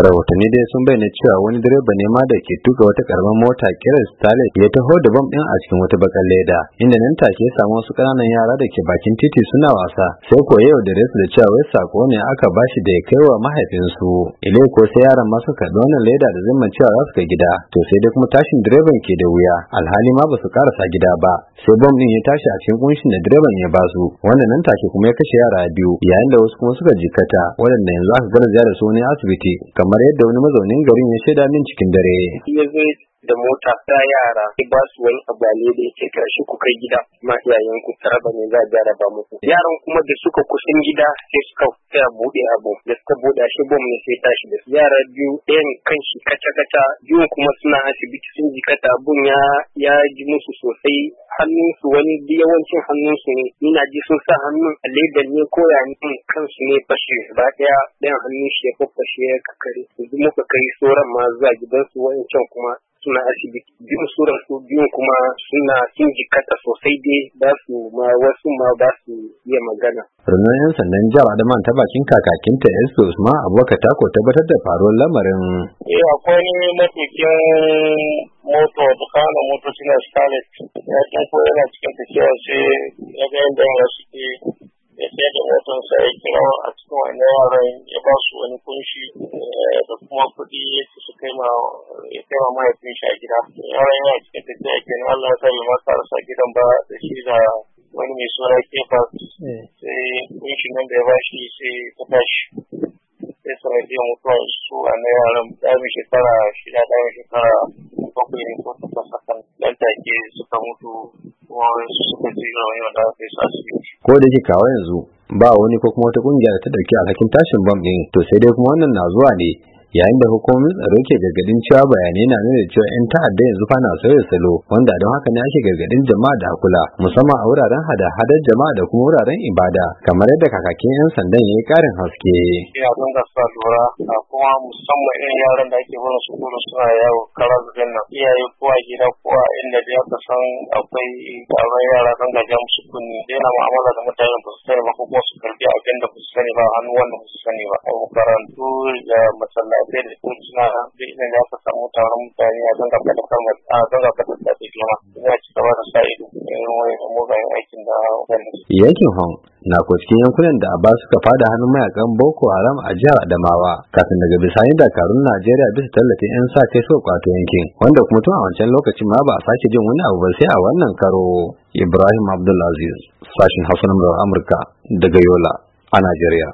rahotanni dai sun bayyana cewa wani direba ne ma da ke tuka wata karamar mota kirar stalin ya taho da bam din a cikin wata bakar leda inda nan take ya samu wasu kananan yara da ke bakin titi suna wasa sai ko yau da resu da cewa wai sako ne aka bashi da ya kai wa mahaifinsu ile ko sai yaran ma suka da wannan leda da zaman cewa za su ga gida to sai dai kuma tashin direban ke da wuya alhali ma ba su karasa gida ba sai bam din ya tashi a cikin kunshin da direban ya basu wanda nan take kuma ya kashe yara biyu yayin da wasu kuma suka jikata waɗanda yanzu aka garzaya da su wani asibiti kamar yadda wani mazaunin garin ya shaida min cikin dare. Ya zo da mota ta yara ki ba su wani abu ne da yake karshe ku kai gida ma iyayen ku taraba ne za a ba muku yaran kuma da suka kusin gida sai suka tsaya buɗe abu da suka buɗe shi bom ne sai tashi da yara biyu ɗayan kan shi kaca kaca biyu kuma suna asibiti sun kata abun ya ya ji musu sosai hannunsu wani yawancin hannunsu ne ina ji sun sa hannun a ledan ne ko ya ne kansu ne fashe ba ɗaya ɗayan hannun shi ya fafashe ya kakare yanzu muka kai sauran ma zuwa gidansu can kuma suna asibiti biyun suran su biyun kuma suna sun jikata sosai dai ba su ma wasu ma ba su iya magana. Rundunar 'yan sandan jihar Adaman ta bakin kakakinta Esu Usman Abubakar Tako tabbatar da faruwar lamarin. Eh akwai ne matukin moto da kana motocin suna scarlet ya ko yana cikin tafiya sai ya ga yadda ya wani kunshi eh, da kuma kuɗi su kai ma ya ma mahaifin shi a gida yawan yana cikin tafiya kenan Allah ya sa masa rasa gidan ba da shi da wani mai suna kefa eh. sai kunshi nan da ya bashi sai ta tashi sai sanadiyar mutuwar su a na yaran ɗami shekara shida ɗami shekara bakwai ne ko takwas hakan nan take suka mutu kuma suka ji rauni wanda aka yi su asibiti. ko da ke kawo yanzu ba wani ko kuma wata kungiya da ta dauki alhakin tashin bam din to sai dai kuma wannan na zuwa ne yayin da hukumomi tsaro ke gargadin cewa bayanai na nuna cewa yan ta'adda yanzu fa na sauya salo wanda don haka ne ake gargadin jama'a da hakula musamman a wuraren hada-hadar jama'a da kuma wuraren ibada kamar yadda kakakin yan sandan ya yi karin haske. Ina don gasa lura a kuma musamman irin yaran da ake wurin su kuma suna yawo kara zubin nan iyaye ko a gida ko a inda da aka san akwai ƙarar yara don gajiya musu kunni daina mu'amala da mutane ba su sani ba ko su karbi abin da ba su sani ba hannu wanda ba su sani ba a makarantu da masallaci. sai suna samu mutane a a aikin da wani. yankin hong na kwaske yankunan da abba suka fada hannun mayakan boko haram a jihar adamawa kafin daga bisani dakarun najeriya bisa tallafin yan sa kai suka kwato yankin wanda kuma tun a wancan lokacin ma ba a sake jin wani abu ba sai a wannan karo ibrahim abdulaziz sashin hasunan amurka daga yola a najeriya